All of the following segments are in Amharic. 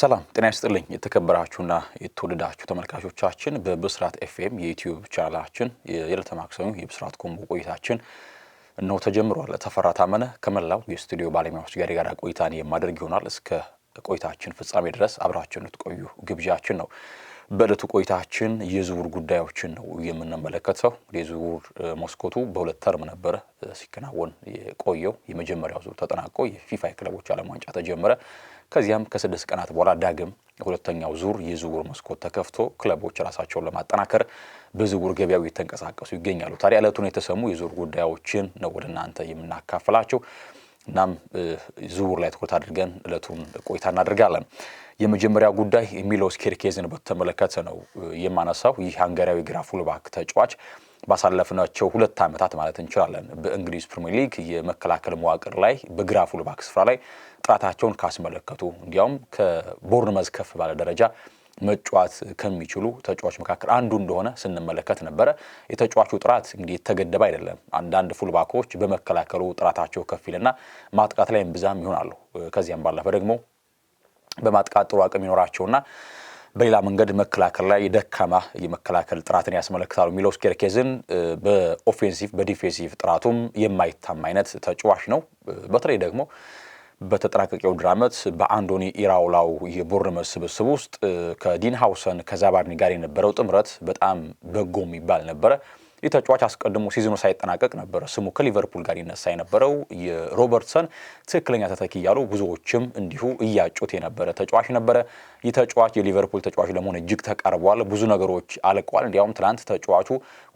ሰላም ጤና ይስጥልኝ። የተከበራችሁና የተወደዳችሁ ተመልካቾቻችን በብስራት ኤፍኤም የዩትዩብ ቻናላችን የዕለተ ማክሰኞ የብስራት ኮምቦ ቆይታችን እነሆ ተጀምሯል። ተፈራ ታመነ ከመላው የስቱዲዮ ባለሙያዎች ጋር የጋራ ቆይታን የማደርግ ይሆናል። እስከ ቆይታችን ፍጻሜ ድረስ አብራችን ልትቆዩ ግብዣችን ነው። በእለቱ ቆይታችን የዝውውር ጉዳዮችን ነው የምንመለከተው። የዝውውር መስኮቱ በሁለት ተርም ነበረ ሲከናወን የቆየው። የመጀመሪያው ዙር ተጠናቆ የፊፋ የክለቦች ዓለም ዋንጫ ተጀመረ። ከዚያም ከስድስት ቀናት በኋላ ዳግም ሁለተኛው ዙር የዝውውር መስኮት ተከፍቶ ክለቦች ራሳቸውን ለማጠናከር በዝውውር ገበያው እየተንቀሳቀሱ ይገኛሉ። ታዲያ እለቱን የተሰሙ የዝውውር ጉዳዮችን ነው ወደ እናንተ የምናካፍላቸው። እናም ዝውውር ላይ ትኩረት አድርገን ዕለቱን ቆይታ እናደርጋለን። የመጀመሪያ ጉዳይ ሚሎስ ኬርኬዝን በተመለከተ ነው የማነሳው። ይህ ሃንጋሪያዊ ግራ ፉልባክ ተጫዋች ባሳለፍናቸው ሁለት ዓመታት ማለት እንችላለን በእንግሊዝ ፕሪሚየር ሊግ የመከላከል መዋቅር ላይ በግራ ፉልባክ ስፍራ ላይ ጥራታቸውን ካስመለከቱ እንዲያውም ከቦርንመዝ ከፍ ባለ ደረጃ መጫወት ከሚችሉ ተጫዋች መካከል አንዱ እንደሆነ ስንመለከት ነበረ። የተጫዋቹ ጥራት እንግዲህ የተገደበ አይደለም። አንዳንድ ፉልባኮች በመከላከሉ ጥራታቸው ከፍ ይልና ማጥቃት ላይም ብዛም ይሆናሉ። ከዚያም ባለፈ ደግሞ በማጥቃት ጥሩ አቅም ይኖራቸውና በሌላ መንገድ መከላከል ላይ ደካማ የመከላከል ጥራትን ያስመለክታሉ። የሚለው ኬርኬዝን በኦፌንሲቭ በዲፌንሲቭ ጥራቱም የማይታማ አይነት ተጫዋች ነው። በተለይ ደግሞ በተጠናቀቀው ውድድር ዓመት በአንዶኒ ኢራውላው የቦርንመስ ስብስብ ውስጥ ከዲን ሃውሰን ከዛባርኒ ጋር የነበረው ጥምረት በጣም በጎ የሚባል ነበረ። ይህ ተጫዋች አስቀድሞ ሲዝኑ ሳይጠናቀቅ ነበረ ስሙ ከሊቨርፑል ጋር ይነሳ የነበረው የሮበርትሰን ትክክለኛ ተተኪ እያሉ ብዙዎችም እንዲሁ እያጩት የነበረ ተጫዋች ነበረ። ይህ ተጫዋች የሊቨርፑል ተጫዋች ለመሆን እጅግ ተቃርቧል። ብዙ ነገሮች አልቀዋል። እንዲያውም ትናንት ተጫዋቹ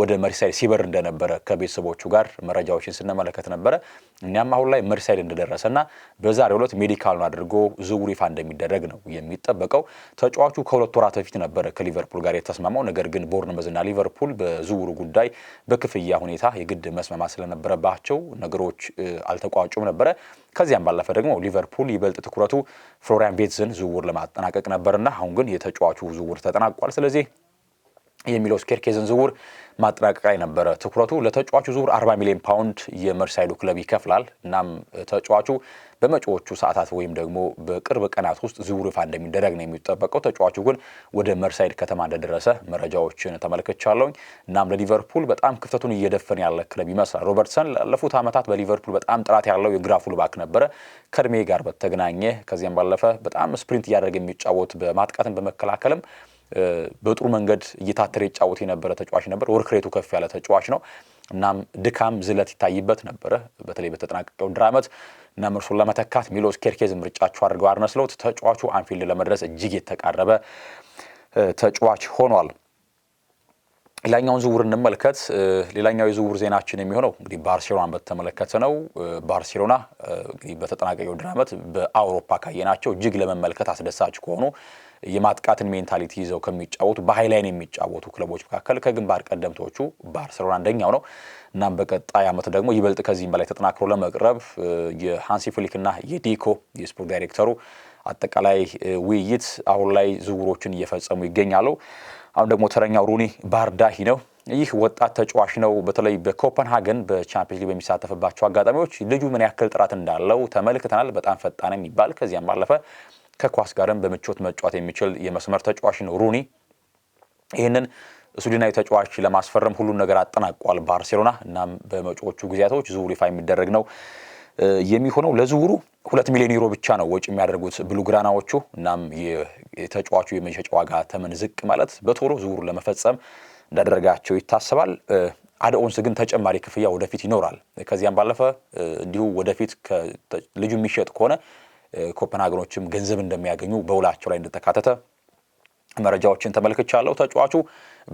ወደ መርሳይ ሲበር እንደነበረ ከቤተሰቦቹ ጋር መረጃዎችን ስንመለከት ነበረ። እኛም አሁን ላይ መርሳይድ እንደደረሰና በዛሬው ዕለት ሜዲካሉን አድርጎ ዝውውሩ ይፋ እንደሚደረግ ነው የሚጠበቀው። ተጫዋቹ ከሁለት ወራት በፊት ነበረ ከሊቨርፑል ጋር የተስማማው። ነገር ግን ቦርንመዝና ሊቨርፑል በዝውውሩ ጉዳይ በክፍያ ሁኔታ የግድ መስማማት ስለነበረባቸው ነገሮች አልተቋጩም ነበረ። ከዚያም ባለፈ ደግሞ ሊቨርፑል ይበልጥ ትኩረቱ ፍሎሪያን ቤትዝን ዝውውር ለማጠናቀቅ ነበርና አሁን ግን የተጫዋቹ ዝውውር ተጠናቋል። ስለዚህ የሚሎስ ኬርኬዝን ዝውውር ማጠናቀቂያ ነበረ ትኩረቱ። ለተጫዋቹ ዝውውር 40 ሚሊዮን ፓውንድ የመርሳይዱ ክለብ ይከፍላል። እናም ተጫዋቹ በመጪዎቹ ሰዓታት ወይም ደግሞ በቅርብ ቀናት ውስጥ ዝውር ይፋ እንደሚደረግ ነው የሚጠበቀው። ተጫዋቹ ግን ወደ መርሳይድ ከተማ እንደደረሰ መረጃዎችን ተመልክቻለሁ። እናም ለሊቨርፑል በጣም ክፍተቱን እየደፈን ያለ ክለብ ይመስላል። ሮበርትሰን ላለፉት ዓመታት በሊቨርፑል በጣም ጥራት ያለው የግራ ፉልባክ ነበረ ከእድሜ ጋር በተገናኘ ከዚያም ባለፈ በጣም ስፕሪንት እያደረገ የሚጫወት በማጥቃትን በመከላከልም በጥሩ መንገድ እየታተረ ይጫወት የነበረ ተጫዋች ነበር። ወርክሬቱ ከፍ ያለ ተጫዋች ነው። እናም ድካም፣ ዝለት ይታይበት ነበረ በተለይ በተጠናቀቀው ድር ዓመት። እናም እርሱን ለመተካት ሚሎስ ኬርኬዝ ምርጫቸው አድርገው አርነ ስሎት ተጫዋቹ አንፊልድ ለመድረስ እጅግ የተቃረበ ተጫዋች ሆኗል። ሌላኛውን ዝውውር እንመልከት። ሌላኛው የዝውውር ዜናችን የሚሆነው እንግዲህ ባርሴሎናን በተመለከተ ነው። ባርሴሎና እንግዲህ በተጠናቀቀው የውድድር ዓመት በአውሮፓ ካየናቸው እጅግ ለመመልከት አስደሳች ከሆኑ የማጥቃትን ሜንታሊቲ ይዘው ከሚጫወቱ በሃይላይን የሚጫወቱ ክለቦች መካከል ከግንባር ቀደምቶቹ ባርሴሎና አንደኛው ነው። እናም በቀጣይ ዓመት ደግሞ ይበልጥ ከዚህም በላይ ተጠናክሮ ለመቅረብ የሃንሲ ፍሊክና የዴኮ የስፖርት ዳይሬክተሩ አጠቃላይ ውይይት አሁን ላይ ዝውውሮችን እየፈጸሙ ይገኛሉ። አሁን ደግሞ ተረኛው ሩኒ ባርዳሂ ነው። ይህ ወጣት ተጫዋች ነው። በተለይ በኮፐንሃገን በቻምፒዮንስ ሊግ በሚሳተፍባቸው አጋጣሚዎች ልጁ ምን ያክል ጥራት እንዳለው ተመልክተናል። በጣም ፈጣን የሚባል ከዚያም ባለፈ ከኳስ ጋርም በምቾት መጫወት የሚችል የመስመር ተጫዋች ነው ሩኒ። ይህንን ስዊድናዊ ተጫዋች ለማስፈረም ሁሉን ነገር አጠናቋል ባርሴሎና። እናም በመጪዎቹ ጊዜያቶች ዝውውሩ ይፋ የሚደረግ ነው። የሚሆነው ለዝውሩ ሁለት ሚሊዮን ዩሮ ብቻ ነው ወጪ የሚያደርጉት ብሉግራናዎቹ። እናም የተጫዋቹ የመሸጫ ዋጋ ተመን ዝቅ ማለት በቶሎ ዝውሩ ለመፈጸም እንዳደረጋቸው ይታሰባል። አድኦንስ ግን ተጨማሪ ክፍያ ወደፊት ይኖራል። ከዚያም ባለፈ እንዲሁ ወደፊት ልጁ የሚሸጥ ከሆነ ኮፐንሃገኖችም ገንዘብ እንደሚያገኙ በውላቸው ላይ እንደተካተተ መረጃዎችን ተመልክቻለሁ። ተጫዋቹ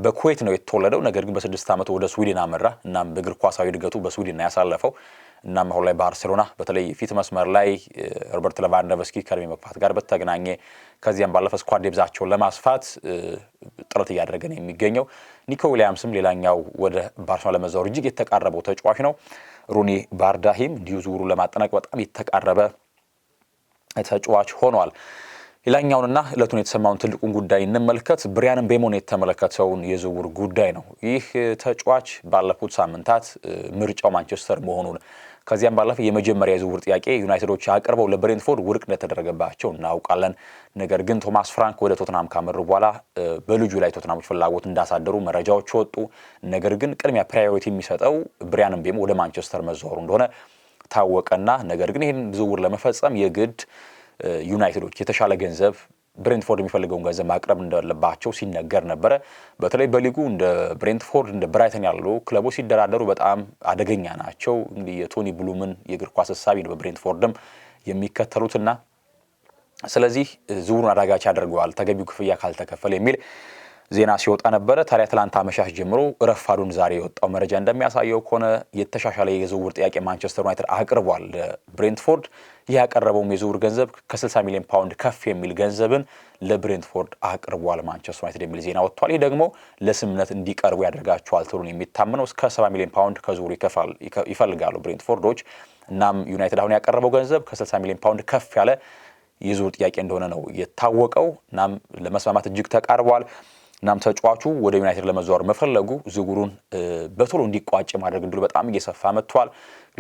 በኩዌት ነው የተወለደው። ነገር ግን በስድስት ዓመቱ ወደ ስዊድን አመራ። እናም በእግር ኳሳዊ እድገቱ በስዊድን ነው ያሳለፈው። እናም አሁን ላይ ባርሴሎና በተለይ ፊት መስመር ላይ ሮበርት ሌቫንዶቭስኪ ከእድሜ መግፋት ጋር በተገናኘ ከዚያም ባለፈ ስኳድ ዴብዛቸውን ለማስፋት ጥረት እያደረገ ነው የሚገኘው። ኒኮ ዊሊያምስም ሌላኛው ወደ ባርሴሎና ለመዛወር እጅግ የተቃረበው ተጫዋች ነው። ሩኒ ባርዳሂም እንዲሁ ዝውውሩን ለማጠናቀቅ በጣም የተቃረበ ተጫዋች ሆኗል። ሌላኛውንና እለቱን የተሰማውን ትልቁን ጉዳይ እንመልከት። ብሪያን ቤሞን የተመለከተውን የዝውውር ጉዳይ ነው። ይህ ተጫዋች ባለፉት ሳምንታት ምርጫው ማንቸስተር መሆኑን ከዚያም ባለፈ የመጀመሪያ የዝውውር ጥያቄ ዩናይትዶች አቅርበው ለብሬንትፎርድ ውድቅ እንደተደረገባቸው እናውቃለን። ነገር ግን ቶማስ ፍራንክ ወደ ቶትናም ካመሩ በኋላ በልጁ ላይ ቶትናሞች ፍላጎት እንዳሳደሩ መረጃዎች ወጡ። ነገር ግን ቅድሚያ ፕራዮሪቲ የሚሰጠው ብሪያን ምቤሞ ወደ ማንቸስተር መዘሩ እንደሆነ ታወቀና ነገር ግን ይህን ዝውውር ለመፈጸም የግድ ዩናይትዶች የተሻለ ገንዘብ ብሬንትፎርድ የሚፈልገውን ገንዘብ ማቅረብ እንዳለባቸው ሲነገር ነበረ። በተለይ በሊጉ እንደ ብሬንትፎርድ እንደ ብራይተን ያሉ ክለቦች ሲደራደሩ በጣም አደገኛ ናቸው። እንግዲህ የቶኒ ብሉምን የእግር ኳስ ሳቢ ነው በብሬንትፎርድም የሚከተሉትና ስለዚህ ዝውውሩን አዳጋች ያደርገዋል ተገቢው ክፍያ ካልተከፈለ የሚል ዜና ሲወጣ ነበረ። ታዲያ ትላንት አመሻሽ ጀምሮ ረፋዱን ዛሬ የወጣው መረጃ እንደሚያሳየው ከሆነ የተሻሻለ የዝውውር ጥያቄ ማንቸስተር ዩናይትድ አቅርቧል ለብሬንትፎርድ። ይህ ያቀረበውም የዝውውር ገንዘብ ከ60 ሚሊዮን ፓውንድ ከፍ የሚል ገንዘብን ለብሬንትፎርድ አቅርቧል ማንቸስተር ዩናይትድ የሚል ዜና ወጥቷል። ይህ ደግሞ ለስምምነት እንዲቀርቡ ያደርጋቸዋል ተብሎ የሚታመነው እስከ 70 ሚሊዮን ፓውንድ ከዝውውሩ ይፈልጋሉ ብሬንትፎርዶች። እናም ዩናይትድ አሁን ያቀረበው ገንዘብ ከ60 ሚሊዮን ፓውንድ ከፍ ያለ የዝውውር ጥያቄ እንደሆነ ነው የታወቀው። እናም ለመስማማት እጅግ ተቃርቧል። እናም ተጫዋቹ ወደ ዩናይትድ ለመዘዋወር መፈለጉ ዝውውሩን በቶሎ እንዲቋጭ ማድረግ እድሉ በጣም እየሰፋ መጥቷል።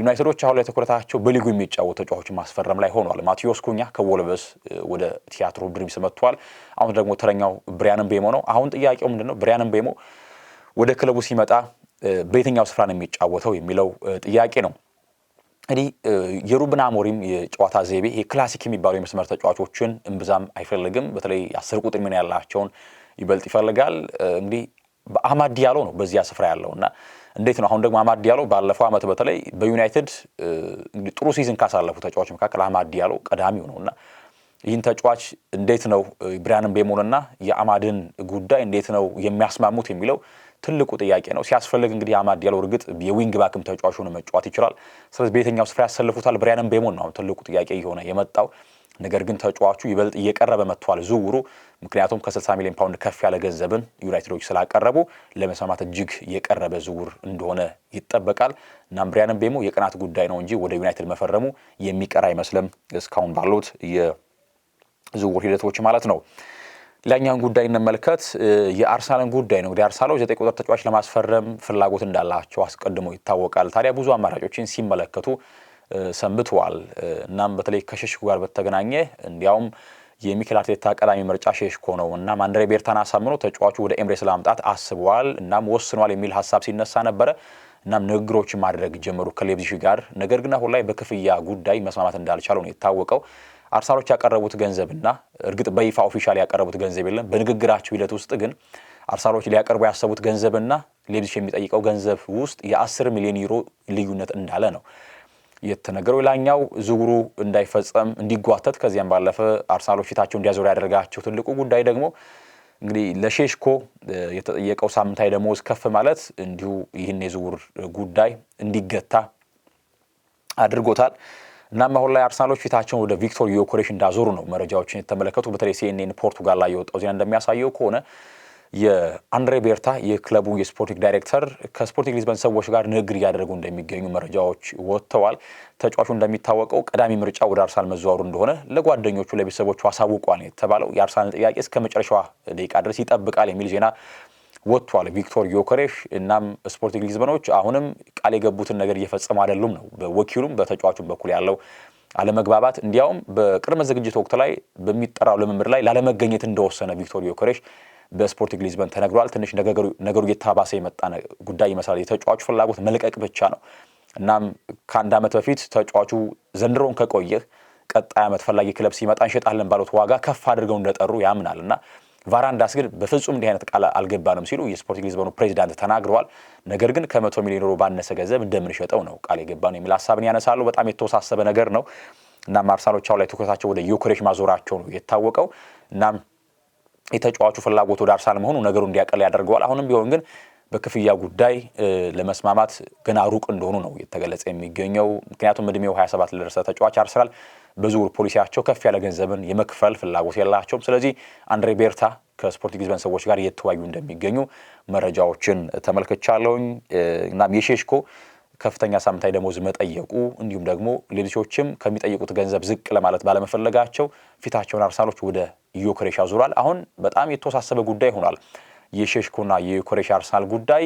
ዩናይትዶች አሁን ላይ ትኩረታቸው በሊጉ የሚጫወቱ ተጫዋቾች ማስፈረም ላይ ሆኗል። ማቴዎስ ኩኛ ከወልቨስ ወደ ቲያትሮ ድሪምስ መጥቷል። አሁን ደግሞ ተረኛው ብሪያን ቤሞ ነው። አሁን ጥያቄው ምንድን ነው? ብሪያን ወደ ክለቡ ሲመጣ በየትኛው ስፍራ ነው የሚጫወተው የሚለው ጥያቄ ነው። እንግዲህ የሩብን አሞሪም የጨዋታ ዘይቤ የክላሲክ ክላሲክ የሚባሉ የመስመር ተጫዋቾችን እምብዛም አይፈልግም። በተለይ አስር ቁጥር ሚና ያላቸውን ይበልጥ ይፈልጋል። እንግዲህ በአማድ ዲያሎ ነው በዚያ ስፍራ ያለው እና እንዴት ነው አሁን ደግሞ አማድ ዲያሎ ባለፈው ዓመት በተለይ በዩናይትድ ጥሩ ሲዝን ካሳለፉ ተጫዋች መካከል አማድ ዲያሎ ቀዳሚው ነው እና ይህን ተጫዋች እንዴት ነው ብሪያን ምቤሞንና የአማድን ጉዳይ እንዴት ነው የሚያስማሙት የሚለው ትልቁ ጥያቄ ነው። ሲያስፈልግ እንግዲህ አማድ ዲያሎ እርግጥ የዊንግ ባክም ተጫዋች ሆኖ መጫወት ይችላል። ስለዚህ በየትኛው ስፍራ ያሰልፉታል ብሪያን ምቤሞን ነው አሁን ትልቁ ጥያቄ እየሆነ የመጣው። ነገር ግን ተጫዋቹ ይበልጥ እየቀረበ መጥቷል ዝውውሩ። ምክንያቱም ከ60 ሚሊዮን ፓውንድ ከፍ ያለ ገንዘብን ዩናይትዶች ስላቀረቡ ለመስማማት እጅግ የቀረበ ዝውውር እንደሆነ ይጠበቃል። እናም ብሪያን ቤሞ የቅናት ጉዳይ ነው እንጂ ወደ ዩናይትድ መፈረሙ የሚቀር አይመስልም እስካሁን ባሉት የዝውውር ሂደቶች ማለት ነው። ሌላኛውን ጉዳይ እንመልከት። የአርሰናልን ጉዳይ ነው። እንግዲህ አርሰናሎች ዘጠኝ ቁጥር ተጫዋች ለማስፈረም ፍላጎት እንዳላቸው አስቀድሞ ይታወቃል። ታዲያ ብዙ አማራጮችን ሲመለከቱ ሰንብተዋል። እናም በተለይ ከሸሽኮ ጋር በተገናኘ እንዲያውም የሚኬል አርቴታ ቀዳሚ ምርጫ ሼሽኮ ነው። እናም አንድሬ ቤርታን አሳምኖ ተጫዋቹ ወደ ኤምሬስ ለማምጣት አስበዋል እናም ወስኗል የሚል ሀሳብ ሲነሳ ነበረ። እናም ንግግሮች ማድረግ ጀመሩ ከሌብዚሽ ጋር። ነገር ግን አሁን ላይ በክፍያ ጉዳይ መስማማት እንዳልቻሉ ነው የታወቀው። አርሰናሎች ያቀረቡት ገንዘብና እርግጥ በይፋ ኦፊሻል ያቀረቡት ገንዘብ የለም። በንግግራቸው ሂደት ውስጥ ግን አርሰናሎች ሊያቀርቡ ያሰቡት ገንዘብና ሌብዚሽ የሚጠይቀው ገንዘብ ውስጥ የአስር ሚሊዮን ዩሮ ልዩነት እንዳለ ነው። የተነገረው። ሌላኛው ዝውውሩ እንዳይፈጸም እንዲጓተት፣ ከዚያም ባለፈ አርሰናሎች ፊታቸውን እንዲያዞር ያደርጋቸው ትልቁ ጉዳይ ደግሞ እንግዲህ ለሼሽኮ የተጠየቀው ሳምንታዊ ደሞዝ ከፍ ማለት እንዲሁ ይህን የዝውውር ጉዳይ እንዲገታ አድርጎታል። እናም አሁን ላይ አርሰናሎች ፊታቸውን ወደ ቪክቶር ዮኮሬሽ እንዳዞሩ ነው መረጃዎችን የተመለከቱ። በተለይ ሲኤንኤን ፖርቱጋል ላይ የወጣው ዜና እንደሚያሳየው ከሆነ የአንድሬ ቤርታ የክለቡ የስፖርቲንግ ዳይሬክተር ከስፖርቲንግ ሊዝበን ሰዎች ጋር ንግግር እያደረጉ እንደሚገኙ መረጃዎች ወጥተዋል። ተጫዋቹ እንደሚታወቀው ቀዳሚ ምርጫ ወደ አርሳል መዘዋሩ እንደሆነ ለጓደኞቹ ለቤተሰቦቹ አሳውቋል የተባለው የአርሳልን ጥያቄ እስከ መጨረሻዋ ደቂቃ ድረስ ይጠብቃል የሚል ዜና ወጥቷል። ቪክቶር ዮከሬሽ እናም ስፖርቲንግ ሊዝበኖች አሁንም ቃል የገቡትን ነገር እየፈጸሙ አይደሉም ነው በወኪሉም በተጫዋቹም በኩል ያለው አለመግባባት እንዲያውም በቅድመ ዝግጅት ወቅት ላይ በሚጠራው ልምምድ ላይ ላለመገኘት እንደወሰነ ቪክቶር ዮከሬሽ በስፖርቲንግ ሊዝበን ተነግሯል። ትንሽ ነገሩ እየተባባሰ የመጣ ጉዳይ ይመስላል። የተጫዋቹ ፍላጎት መልቀቅ ብቻ ነው። እናም ከአንድ ዓመት በፊት ተጫዋቹ ዘንድሮን ከቆየህ ቀጣይ ዓመት ፈላጊ ክለብ ሲመጣ እንሸጣለን ባሉት ዋጋ ከፍ አድርገው እንደጠሩ ያምናል እና ቫራንዳስ ግን በፍጹም እንዲህ አይነት ቃል አልገባንም ሲሉ የስፖርቲንግ ሊዝበኑ ፕሬዚዳንት ተናግረዋል። ነገር ግን ከመቶ ሚሊዮን ዩሮ ባነሰ ገንዘብ እንደምንሸጠው ነው ቃል የገባ ነው የሚል ሀሳብን ያነሳሉ። በጣም የተወሳሰበ ነገር ነው። እናም አርሰናሎች ላይ ትኩረታቸው ወደ ዩክሬሽ ማዞራቸው ነው የታወቀው። እናም የተጫዋቹ ፍላጎት ወደ አርሰናል መሆኑ ነገሩ እንዲያቀል ያደርገዋል። አሁንም ቢሆን ግን በክፍያ ጉዳይ ለመስማማት ገና ሩቅ እንደሆኑ ነው የተገለጸ የሚገኘው። ምክንያቱም እድሜው 27 ለደረሰ ተጫዋች አርሰናል በዝውውር ፖሊሲያቸው ከፍ ያለ ገንዘብን የመክፈል ፍላጎት የላቸውም። ስለዚህ አንድሬ ቤርታ ከስፖርቲንግ ሊዝበን ሰዎች ጋር እየተወያዩ እንደሚገኙ መረጃዎችን ተመልክቻለሁኝ። እናም የሼሽኮ ከፍተኛ ሳምንታዊ ደሞዝ መጠየቁ እንዲሁም ደግሞ ሌሎቾችም ከሚጠይቁት ገንዘብ ዝቅ ለማለት ባለመፈለጋቸው ፊታቸውን አርሰናሎች ወደ ዮኬሬሽ አዙሯል። አሁን በጣም የተወሳሰበ ጉዳይ ሆኗል። የሼሽኮና የዩክሬሽ አርሰናል ጉዳይ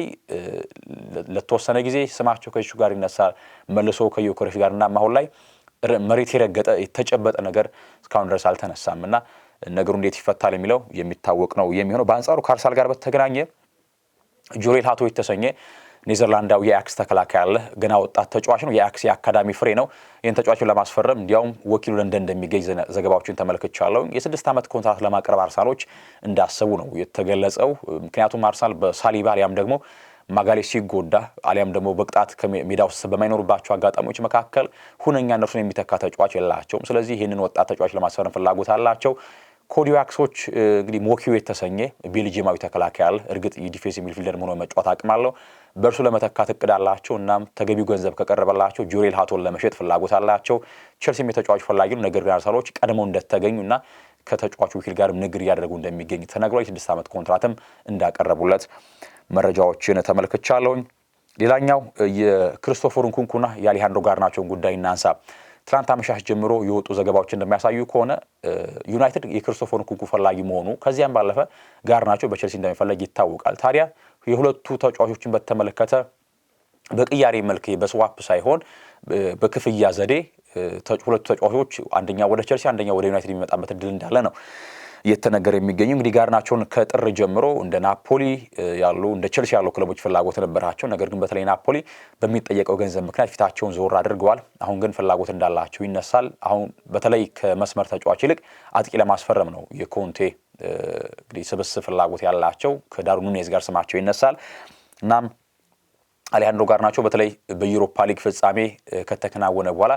ለተወሰነ ጊዜ ስማቸው ከሹ ጋር ይነሳል፣ መልሶ ከዩክሬሽ ጋር እና አሁን ላይ መሬት የረገጠ የተጨበጠ ነገር እስካሁን ድረስ አልተነሳም እና ነገሩ እንዴት ይፈታል የሚለው የሚታወቅ ነው የሚሆነው። በአንጻሩ ከአርሰናል ጋር በተገናኘ ጆሬል ሀቶ የተሰኘ ኔዘርላንዳዊ የአክስ ተከላካይ አለ። ገና ወጣት ተጫዋች ነው። የአክስ የአካዳሚ ፍሬ ነው። ይህን ተጫዋቹን ለማስፈረም እንዲያውም ወኪሉ ለንደን እንደሚገኝ ዘገባዎችን ተመልክቻለሁ። የስድስት ዓመት ኮንትራት ለማቅረብ አርሳሎች እንዳሰቡ ነው የተገለጸው። ምክንያቱም አርሳል በሳሊባ አሊያም ደግሞ ማጋሌ ሲጎዳ አሊያም ደግሞ በቅጣት ከሜዳ ውስጥ በማይኖርባቸው አጋጣሚዎች መካከል ሁነኛ እነርሱን የሚተካ ተጫዋች የላቸውም። ስለዚህ ይህንን ወጣት ተጫዋች ለማስፈረም ፍላጎት አላቸው። ኮዲዋክሶች እንግዲህ ሞኪዮ የተሰኘ ቤልጅማዊ ተከላካያል እርግጥ የዲፌንስ ሚድፊልደር መሆኑ መጫወት አቅም አለው። በእርሱ ለመተካት እቅድ አላቸው። እናም ተገቢው ገንዘብ ከቀረበላቸው ጆሬል ሀቶን ለመሸጥ ፍላጎት አላቸው። ቸልሲም የተጫዋች ፈላጊ ነው። ነገር ግን አርሰናሎች ቀድመው እንደተገኙ እና ከተጫዋቹ ውኪል ጋርም ንግግር እያደረጉ እንደሚገኝ ተነግሯል። የስድስት ዓመት ኮንትራትም እንዳቀረቡለት መረጃዎችን ተመልክቻለሁኝ። ሌላኛው የክሪስቶፈር ንኩንኩና የአሊሃንድሮ ጋርናቾን ጉዳይ እናንሳ። ትናንት አመሻሽ ጀምሮ የወጡ ዘገባዎች እንደሚያሳዩ ከሆነ ዩናይትድ የክርስቶፎር ንኩንኩ ፈላጊ መሆኑ ከዚያም ባለፈ ጋር ናቸው በቸልሲ እንደሚፈለግ ይታወቃል። ታዲያ የሁለቱ ተጫዋቾችን በተመለከተ በቅያሬ መልክ በስዋፕ ሳይሆን በክፍያ ዘዴ ሁለቱ ተጫዋቾች አንደኛ ወደ ቸልሲ አንደኛ ወደ ዩናይትድ የሚመጣበት እድል እንዳለ ነው እየተነገረ የሚገኘው እንግዲህ ጋርናቸውን ከጥር ጀምሮ እንደ ናፖሊ ያሉ እንደ ቸልሲ ያሉ ክለቦች ፍላጎት ነበራቸው። ነገር ግን በተለይ ናፖሊ በሚጠየቀው ገንዘብ ምክንያት ፊታቸውን ዞር አድርገዋል። አሁን ግን ፍላጎት እንዳላቸው ይነሳል። አሁን በተለይ ከመስመር ተጫዋች ይልቅ አጥቂ ለማስፈረም ነው የኮንቴ እንግዲህ ስብስብ ፍላጎት ያላቸው ከዳርዊን ኑኔዝ ጋር ስማቸው ይነሳል። እናም አሌሃንድሮ ጋርናቾ በተለይ በዩሮፓ ሊግ ፍጻሜ ከተከናወነ በኋላ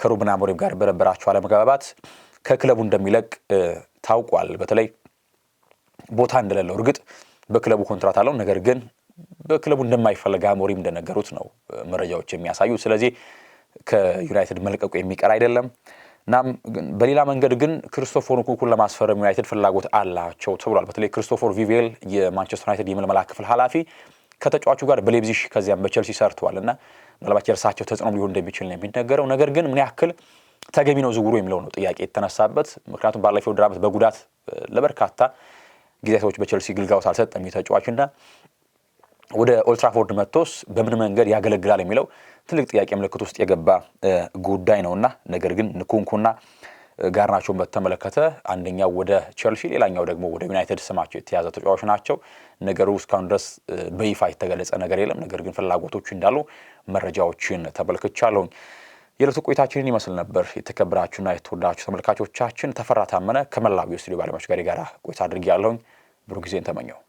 ከሩበን አሞሪም ጋር በነበራቸው አለመግባባት ከክለቡ እንደሚለቅ ታውቋል። በተለይ ቦታ እንደሌለው እርግጥ በክለቡ ኮንትራት አለው፣ ነገር ግን በክለቡ እንደማይፈልግ አሞሪም እንደነገሩት ነው መረጃዎች የሚያሳዩ። ስለዚህ ከዩናይትድ መልቀቁ የሚቀር አይደለም። እናም በሌላ መንገድ ግን ክርስቶፎር ኩኩን ለማስፈረም ዩናይትድ ፍላጎት አላቸው ተብሏል። በተለይ ክርስቶፎር ቪቬል የማንቸስተር ዩናይትድ የምልመላ ክፍል ኃላፊ ከተጫዋቹ ጋር በሌብዚሽ ከዚያም በቸልሲ ሰርተዋል እና ምናልባት የእርሳቸው ተጽዕኖም ሊሆን እንደሚችል ነው የሚነገረው። ነገር ግን ምን ያክል ተገቢ ነው ዝውውሩ የሚለው ነው ጥያቄ የተነሳበት። ምክንያቱም ባለፈው ውድድር ዓመት በጉዳት ለበርካታ ሰዎች በቸልሲ ግልጋሎት አልሰጠም ተጫዋችና ወደ ኦልትራፎርድ መጥቶስ በምን መንገድ ያገለግላል የሚለው ትልቅ ጥያቄ ምልክት ውስጥ የገባ ጉዳይ ነውና ነገር ግን ንኩንኩና ጋርናቾን በተመለከተ አንደኛው ወደ ቸልሲ ሌላኛው ደግሞ ወደ ዩናይትድ ስማቸው የተያዘ ተጫዋች ናቸው። ነገሩ እስካሁን ድረስ በይፋ የተገለጸ ነገር የለም። ነገር ግን ፍላጎቶች እንዳሉ መረጃዎችን ተመልክቻለሁኝ። የዕለቱ ቆይታችንን ይመስል ነበር። የተከበራችሁና የተወዳችሁ ተመልካቾቻችን ተፈራ ታመነ ከመላው የስቱዲዮ ባለሙያዎች ጋር ጋራ ቆይታ አድርጌ ያለሁኝ ብሩህ ጊዜን ተመኘው።